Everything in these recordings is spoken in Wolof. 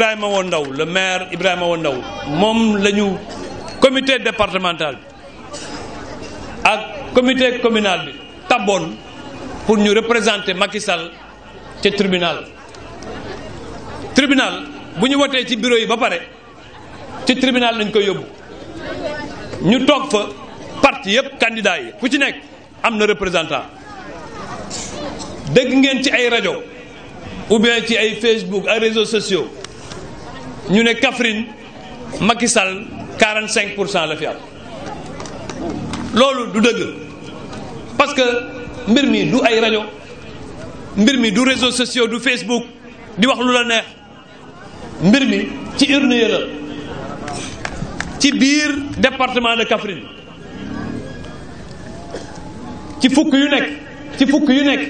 Ibrahima Wo Ndaw le maire Ibrahima Wo Ndaw moom lañu ñu comité bi ak comité communal bi taboon pour ñu représenter Macky Sall ca tribunal. tribunal bu ñu wotee ci bureau yi ba pare ci tribunal lañ koy yóbbu ñu toog fa parti yëpp candidat yi ku ci nekk am na représentant dégg ngeen ci ay rajo ou bien ci ay Facebook ay réseaux sociaux. ñu ne Kaffrine Macky Sall 45 pour cent la fi am loolu du dëgg parce que mbir mi du ay rajo mbir mi du réseaux sociaux du Facebook di wax lu la neex mbir mi ci urne la ci biir département de Kaffrine ci fukk yu nekk ci fukk yu nekk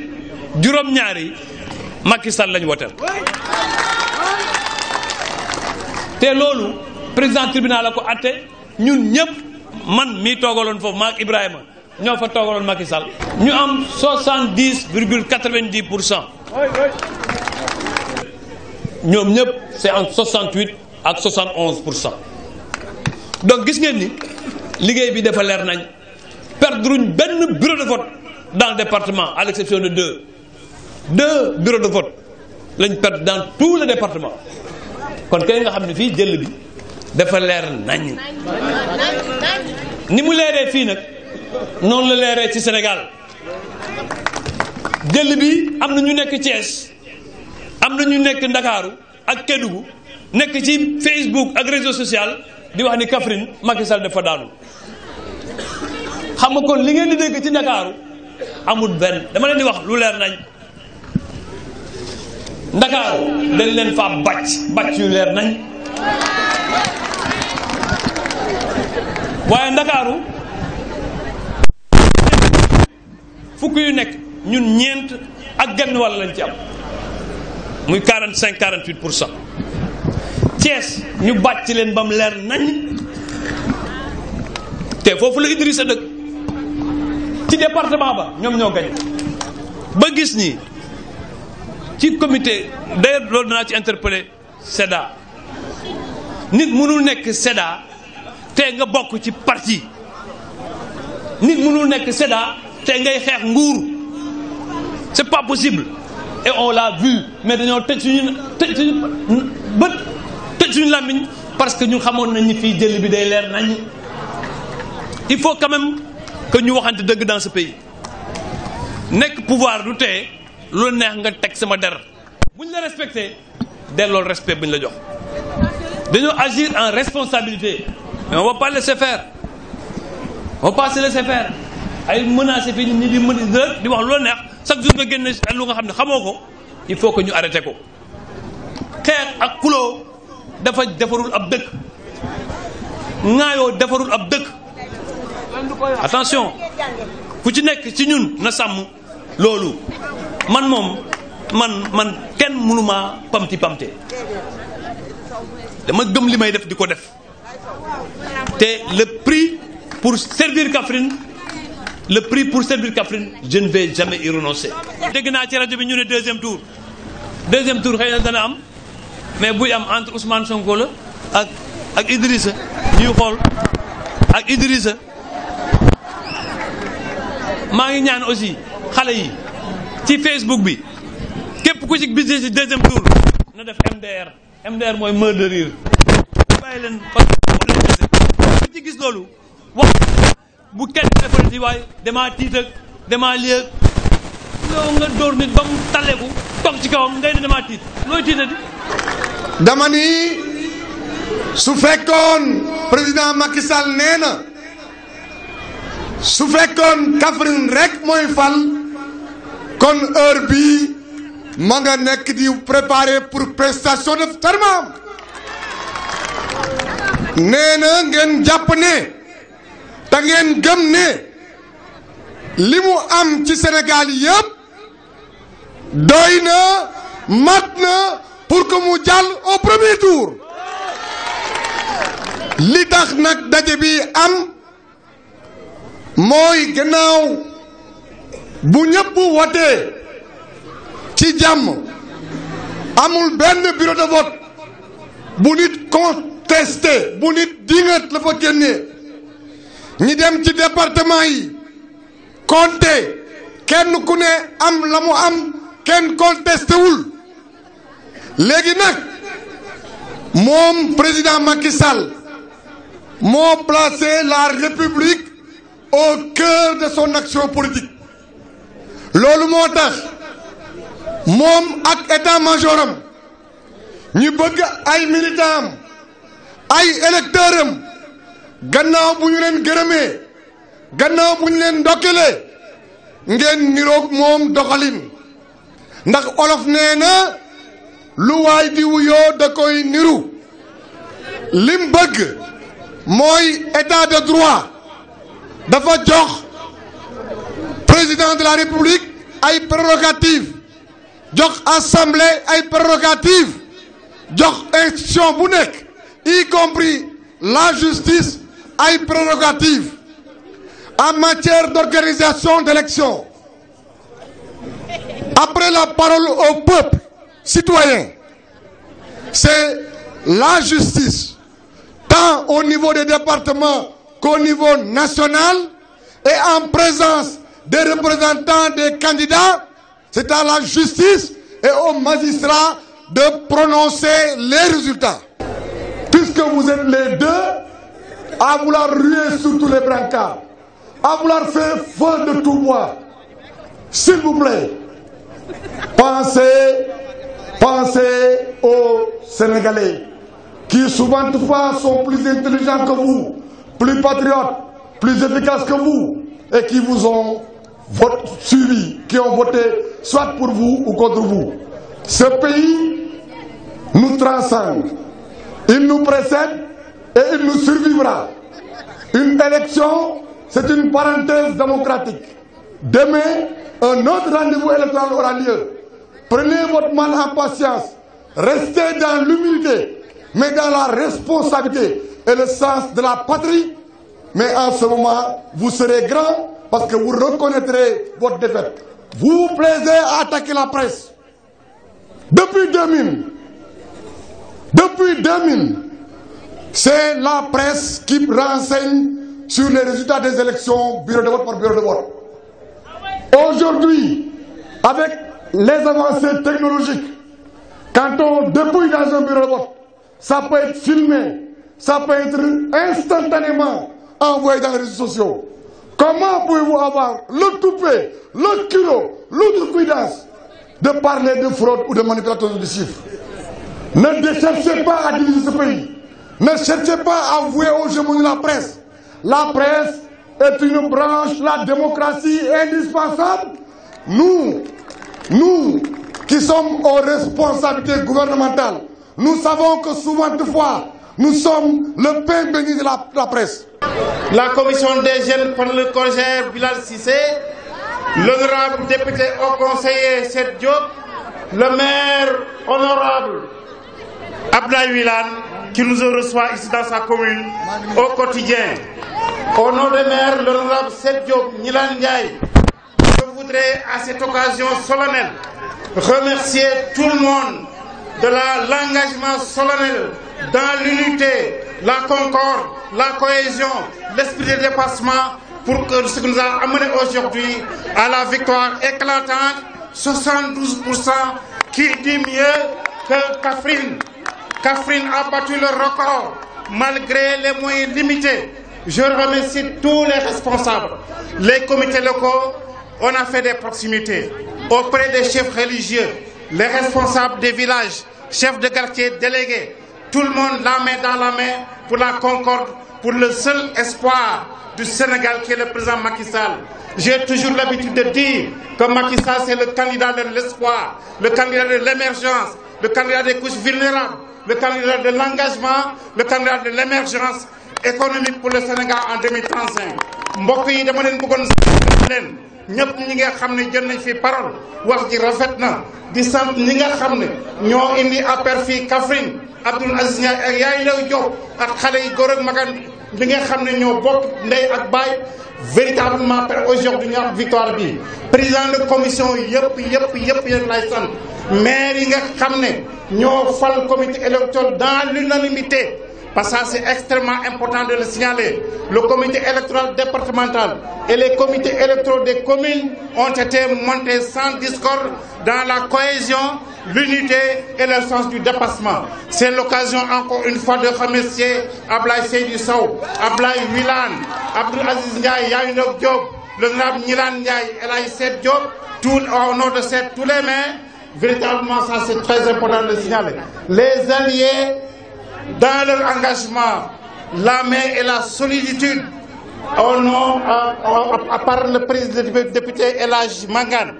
juróom-ñaari Macky lañu lañ te loolu président tribunal la ko atte ñun ñëpp man mii toogaloon foofu maak Ibrahima ñoo fa toogaloon Macky Sall ñu am 70 virgule 90 pour cent ñoom ñëpp c'est entre 68 ak 71 pour cent donc gis ngeen ni liggéey bi dafa leer nañ perdruñ benn bureau de vote dans le département à de deux deux bureaux de vote lañ perdre dans tout le département kon kay nga xam ne fii jël bi dafa leer nañ ni mu leeree fii nag noonu la leeree ci Sénégal jël bi am na ñu nekk Thiès am na ñu nekk Ndakaaru ak Kédougou nekk ci Facebook ak réseau social di wax ni Kaffrine Macky Sall dafa daanu xam nga kon li ngeen di dégg ci Ndakaaru amut benn dama leen di wax lu leer nañ. ndakaaru dañ leen faa bàcc bàcc yu leer nañ waaye ndakaaru fukk yu nekk ñun ñeent ak genn wàll lañ ci am muy 45 48 ñu bàcc leen ba mu leer nañ te foofu la Idrissa dëkk ci département ba ñoom ñoo gañ ba gis nii ci comité d'ailleurs loolu naa ci interpellé SEDA nit mënul nekk SEDA te nga bokk ci parti nit mënul nekk SEDA te ngay xeex nguur c'est pas possible et on l'a vu mais dañoo tëj suñu tëj suñu bët tëj suñu làmmiñ parce que ñu xamoon nañ ni fii jël bi day leer nañ il faut quand même que ñu waxante dëgg dans ce pays nekk pouvoir du tee lu neex nga teg sama der bu ñu la respecté dellool respect bu ñu la jox dañoo agir en responsabilité mais on va pas laisser faire on ay menacé fi ni di mën di wax lu neex chaque jour nga génne lu nga xam ne xamoo ko il faut que ñu arrêté ko xeex ak kuloo dafa defarul ab dëkk ŋaayoo defarul ab dëkk attention ku ci nekk ci ñun na sàmm loolu man moom man man kenn mënuma pamti pamte dama gëm li may def di ko def te le prix pour servir Kaffrine le prix pour servir Kaffrine je ne vais jamais y renoncer. naa ci rajo bi ñu ne deuxième tour deuxième tour xëy na dana am mais buy am entre Ousmane Sonko la ak ak Idrissa ñuy xool ak Idrissa maa ngi ñaan aussi xale yi. ci Facebook bi képp ku ci bise ci deuxième na def MDR MDR mooy meur de rire bàyyi leen ci gis loolu wax bu kenn defal ci waay damaa tiit ak damaa ne damaa looy tiita di dama ni su président Macky Sall nee na su fekkoon rek mooy fal kon heure bii ma nga nekk di préparer pour prestation de serment nee na ngeen jàpp ne te ngeen gëm ne li mu am ci Sénégal yëpp doy na mat na pour que mu jàll au premier tour li tax nag daje bi am mooy gannaaw. bu ñëpp wotee ci jàmm amul benn bureau de vote bu nit contesté bu nit dingat la fa génnee ñi dem ci département yi compté kenn ku ne am la mu am kenn contesté wul léegi nag moom président Macky moo placé la république au cœur de son action politique loolu moo tax moom ak état-major am ñu bëgg ay militant ay électeur am gannaaw bu ñu leen gërëmee gannaaw bu ñu leen ndokkelee ngeen niroog moom doxalin ndax olof nee na lu waay di wuyoo da koy niru lim bëgg mooy état de droit dafa jox président de la république ay prérogatives jox assemblée ay prérogatives jox bu nekk y compris la ay prérogatives en matière d'organisation d'élections après la parole au peuple citoyen c'est la justice tant au niveau des départements qu'au niveau national et en présence des représentants des candidats, c'est à la justice et aux magistrats de prononcer les résultats. Puisque vous êtes les deux à vouloir ruer sur tous les brancards, à vouloir faire feu de tout bois, s'il vous plaît, pensez, aux Sénégalais qui souvent fois sont plus intelligents que vous, plus patriotes, plus efficaces que vous et qui vous ont vote suivi, qui ont voté soit pour vous ou contre vous. Ce pays nous transcende, il nous précède et il nous survivra. Une élection, c'est une parenthèse démocratique. Demain, un autre rendez-vous électoral aura lieu. Prenez votre mal en patience, restez dans l'humilité, mais dans la responsabilité et le sens de la patrie. Mais en ce moment, vous serez grand parce que vous reconnaîtrez votre défaite. Vous vous plaisez à attaquer la presse. Depuis 2000, depuis c'est la presse qui renseigne sur les résultats des élections bureau de vote par bureau de vote. Aujourd'hui, avec les avancées technologiques, quand on dépouille dans un peut être filmé, ça peut être instantanément envoyé dans les réseaux sociaux. Comment pouvez-vous avoir le toupet, le culot, l'outrecuidance de parler de fraude ou de manipulation de chiffres Ne cherchez pas à diviser ce pays. Ne cherchez pas à vouer aux gémonies la presse. La presse est une branche, la démocratie est indispensable. nous savons que souvent, toutefois, Nous sommes le pain de la, de presse. La commission des jeunes par le conseiller Bilal Sissé, l'honorable député au conseiller Seth Diop, le maire honorable Abdoulaye Wilane, qui nous reçoit ici dans sa commune au quotidien. Au nom des maires, l'honorable Seth Diop, Nilan Ndiaye, je voudrais à cette occasion solennelle remercier tout le monde de l'engagement solennel dans l'unité, la la cohésion, l'esprit de dépassement pour que ce que nous à la victoire éclatante, 72% qui dit mieux que Kafrine. Kafrine a battu le record malgré les moyens limités. Je remercie tous les responsables, les comités locaux. On a fait des proximités auprès des chefs religieux, les responsables des villages, chefs de quartier délégués, tout le monde la main dans la main pour la concorde, pour le seul espoir du Sénégal qui est le président Macky Sall. J'ai toujours l'habitude de dire que Macky Sall c'est le candidat de l'espoir, le candidat de l'émergence, le candidat des couches vulnérables, le candidat de l'engagement, le candidat de l'émergence économique pour le Sénégal en 2035. mbokk yi dama leen bëggoon leen ñëpp ñi nga xam ne jël nañ fi parole wax ji rafet na di sant ñi nga xam ne ñoo indi APR fii Kaffrine Abdoul Aziz Ndiaye ak yaay law jox ak xale yi góor ak magan bi nga xam ne ñoo bokk ndey ak baay véritablement par aujourd'hui ñu am victoire bi président de commission yëpp yëpp yëpp yéen lay sant nga xam ne ñoo fal comité électoral dans l'unanimité Parce que c'est extrêmement important de le signaler. Le comité électoral départemental et les comités électoraux des communes ont été montés sans discorde dans la cohésion, l'unité et le sens du dépassement. C'est l'occasion encore une fois de remercier Ablaï Seydou Sow, Ablaï Wilan, Abdou Aziz Ndiaye, Yahinok Diop, l'honorable Nilan Ndiaye, Elaï Seth Diop, tout, au nom de cette, tous les maires. Véritablement, ça c'est très important de le signaler. Les alliés dans leur engagement, la main et la soliditude au nom, à, à, à, par le président député élage Mangan.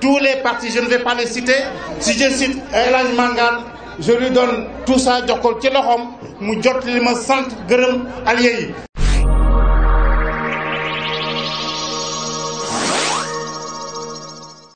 Tous les partis, je ne vais pas les citer. Si je cite Elage Mangan, je lui donne tout ça, Djokol Tielohom, Moudjot Lima Sant Grum Allié.